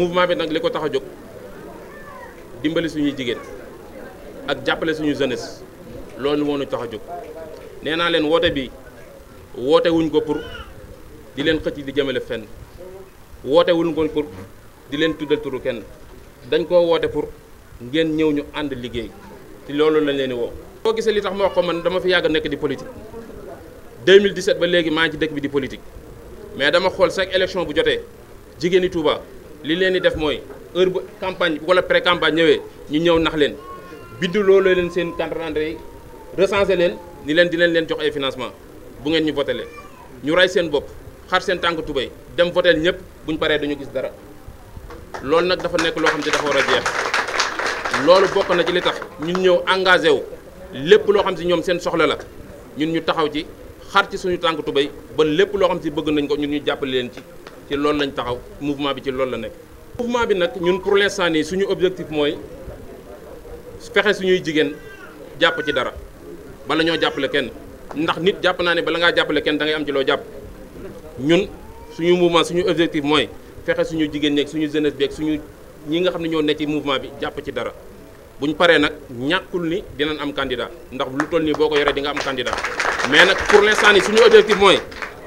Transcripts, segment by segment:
mouvement bi nag li ko tax a jóg dimbali suñuy jigéen ak jàppale suñu jeunesse loolu moo ñu tax a jóg nee naa leen woote bi woote wuñ ko pour di leen xëcc di jëmale fenn woote wuñ ko pour di leen tuddal turu kenn dañ koo woote pour ngeen ñëw ñu ànd liggéey ti loolu lañ leen di woo. boo gisee li tax moo wax ko man dama fi yàgg nekk di politique 2017 ba léegi maa ngi ci dëkk bi di politique mais dama xool chaque élection bu jotee jigéeni Touba. li leen di def mooy heure bu campagne wala pré campagne ñëwee ñu ñëw nax leen bindu loolu leen seen candidat yi recensé leen ni leen dinañ leen jox ay financement bu ngeen ñu votelee ñu rey seen bopp xar seen tànk tubéy dem votel ñëpp buñ paree duñu gis dara loolu nag dafa nekk loo xam ne dafa war a jeex loolu bokk na ci li tax ñun ñëw engagé wu lépp loo xam si ñoom seen soxla la ñun ñu taxaw ci xar ci suñu tànk tubéy ba lépp loo xam si bëgg nañ ko ñun ñu jàppale leen ci ci loolu lañ taxaw mouvement bi ci loolu la nekk. mouvement bi nag ñun pour l'instant sànni suñu objectif mooy fexe suñuy jigéen jàpp ci dara bala ñoo jàppale kenn ndax nit jàpp naa ne bala ngaa jàppale kenn da ngay am ci loo jàpp ñun suñu mouvement suñu objectif mooy fexe suñu jigéen ñeeg suñu jeunesse beeg suñu ñi nga xam ne ñoo nekk ci mouvement bi jàpp ci dara. bu ñu paree nag ñàkkul ni dinañ am candidat ndax lu toll nii boo ko yoree di nga am candidat mais nag pour l'instant nii suñu objectif mooy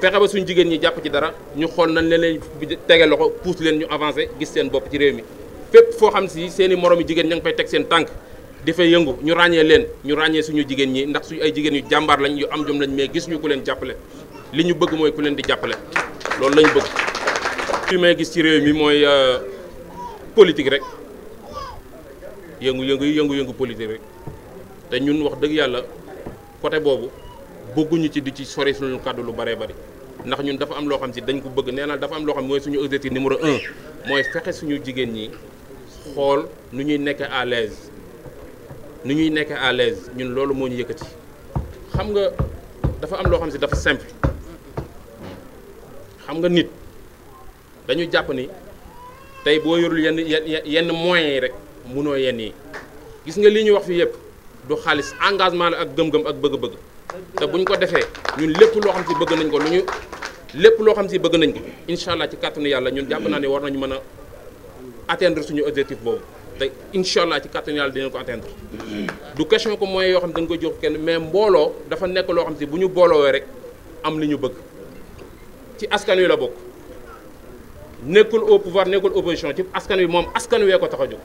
fexe ba suñu jigéen ñi jàpp ci dara ñu xool nañ leen leen tege loxo pousse leen ñu avancé gis seen bopp ci réew mi fépp foo xam si seen i moroomi jigéen ña ngi fay teg seen tànk di fay yëngu ñu ràññee leen ñu ràññee suñu jigéen ñi ndax suñu ay jigéen yu jàmbaar lañ yu am jom lañ mais gis ñu ko leen jàppale li ñu bëgg mooy ku leen di jàppale loolu lañu bëgg fi may gis ci réew mi mooy euh, politique rek yëngu-yëngu yi yëngu-yëngu politique rek te ñun wax dëgg yàlla côté boobu bëgguñu ci di ci sori suñu kàddu lu bëree bëri ndax ñun dafa am loo xam si dañ ko bëgg nee naa dafa am loo xam mooy suñu objectif numéro un mooy fexe suñu jigéen ñi xool nu ñuy nekk à l'aise nu ñuy nekk à l'aise ñun loolu moo ñu yëkkati xam nga dafa am loo xam si dafa simple xam nga nit dañu jàpp ni tey boo yorul yenn yenn moyens yi rek munoo yenn yi gis nga li ñuy wax fii yëpp du xaalis engagement la ak gëm-gëm ak bëgg-bëgg te buñ ko defee ñun lépp loo xam si bëgg nañ ko lu ñu lépp loo xam si bëgg nañ ko incha allah ci kàttanu yàlla ñun jàpp naa ne war nañu mën a atteindre suñu objectif boobu te incha allah ci kàttanu yàlla dinañ ko atteindre. du question que moyens yoo xam danga ko jox kenn mais mbooloo dafa nekk loo xam si bu ñu booloowee rek am li ñu bëgg ci askan wi la bokk. nekkul au pouvoir nekkul opposition ci askan wi moom askan wee ko tax a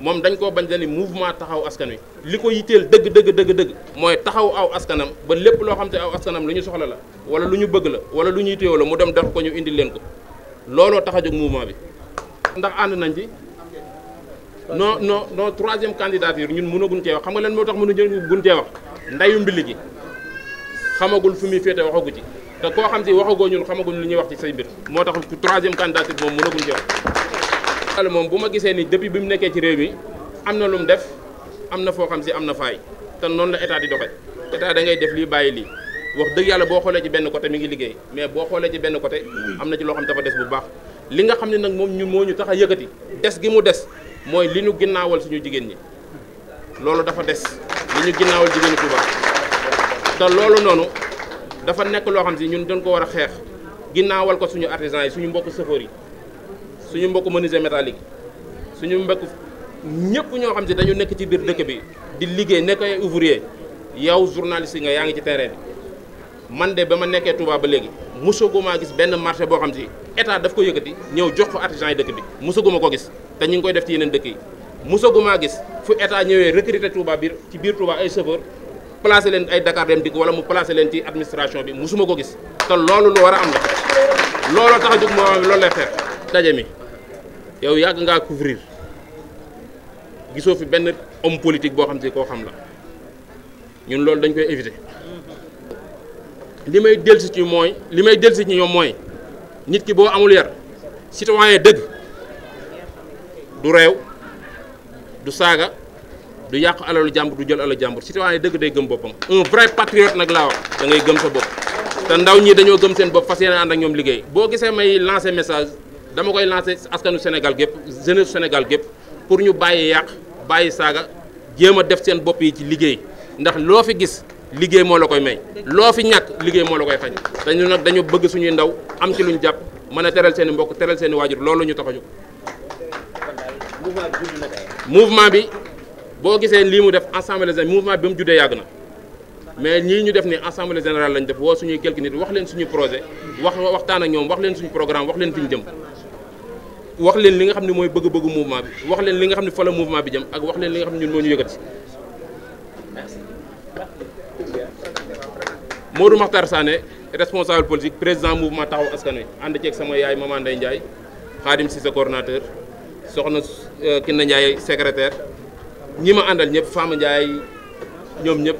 moom dañ koo bañ dani mouvement taxaw askan wi li ko yitteel dëgg dëgg dëgg dëgg mooy taxaw aw askanam ba lépp loo xam te aw askanam lu ñu soxla la wala lu ñu bëgg la wala lu ñuy téew la mu dem def ko ñu indi leen ko looloo tax a jóg mouvement bi ndax ànd nañ ci non non non troisième candidature ñun mënaguñ cee wax xam nga leen moo tax mënaguñ cee wax ndayu mbili gi xamagul fu muy féete waxagu ci te koo xam si waxagoo ñun xamaguñ lu ñuy wax ci say mbir moo tax troisième candidature moom mënaguñ ci wax. bu ma gisee ni depuis bi mu nekkee ci réew am na lu mu def am na foo xam si am na faay te noonu la état di doxee état da ngay def lii bàyyi lii wax dëgg yàlla boo xoolee ci benn côté mu ngi liggéey mais boo xoolee ci benn côté am na ci loo xam dafa des bu baax li nga xam ne nag moom ñun moo ñu tax a yëkkati des gi mu des mooy li ñu ginnaawal suñu jigéen ñi loolu dafa des li ñu ginnaawal jigéen ñi Touba te loolu noonu. dafa nekk loo xam si ñun dañ ko war a xeex ginnaawal ko suñu artisans yi suñu mbokk chauffeurs yi suñu mbokk menuisier métallique suñu mbokk ñëpp ñoo xam si dañu nekk ci biir dëkk bi di liggéey nekk ay ouvrier yow journaliste yi nga yaa ngi ci terrain bi man de ba ma nekkee Touba ba léegi mosaguma gis benn marché boo xam si état daf ko yëkkati ñëw jox ko artisans yi dëkk bi mosaguma ko gis te ñu ngi koy def ci yeneen dëkk yi mosaguma gis fu état ñëwee recruter Touba biir ci biir Touba ay chauffeurs placé leen ay Dakar dem dikk wala mu placé leen ci administration bi musuma ko gis te loolu lu war a am la looloo tax a jóg moom loolu lay xeex daje mi yow yàgg ngaa couvrir gisoo fi benn homme politique boo xam te koo xam la ñun loolu dañ koy éviter li may dellusi ci mooy li may dellusi ci ñoom mooy nit ki boo amul yar citoyen dëgg du réew du saaga du yàq alalu jàmbur du jël alalu jàmbur citoyen dëgg day gëm boppam un vrai patriote nag laa wax da ngay gëm sa bopp te ndaw ñi dañoo gëm seen bopp fas yéene ànd ak ñoom liggéey boo gisee may lancé message dama koy lancer askanu Sénégal gépp jeunesse Sénégal gépp pour ñu bàyyi yàq bàyyi saaga jéem a def seen bopp yi ci liggéey ndax loo fi gis liggéey moo la koy may loo fi ñàkk liggéey moo la koy xañ dañu nag dañu bëgg suñuy ndaw am ci luñ jàpp mën a teral seen mbokk teral waajur loolu ñu tax a boo gisee lii mu def assemblée générale mouvement bi mu juddee yàgg na mais ñii ñu def ni assemblée général lañ def woo suñuy quelques nit wax leen suñu projet wax waxtaan ak ñoom wax leen suñu programme wax leen fi ñu jëm wax leen li nga xam ne mooy bëgg-bëggu mouvement bi wax leen li nga xam ne fa la bi jëm ak wax leen li nga xam ne ñun moo ñu yëkkati Modou Makhtar Sané responsable politique président mouvement taxawu askan wi ànd ceeg sama yaay Maman Ndeye Ndiaye Khadim Cissé coordonnateur soxna euh, Kine Ndiaye secrétaire ñi ma àndal ñëpp Fama Ndiaye ñoom ñëpp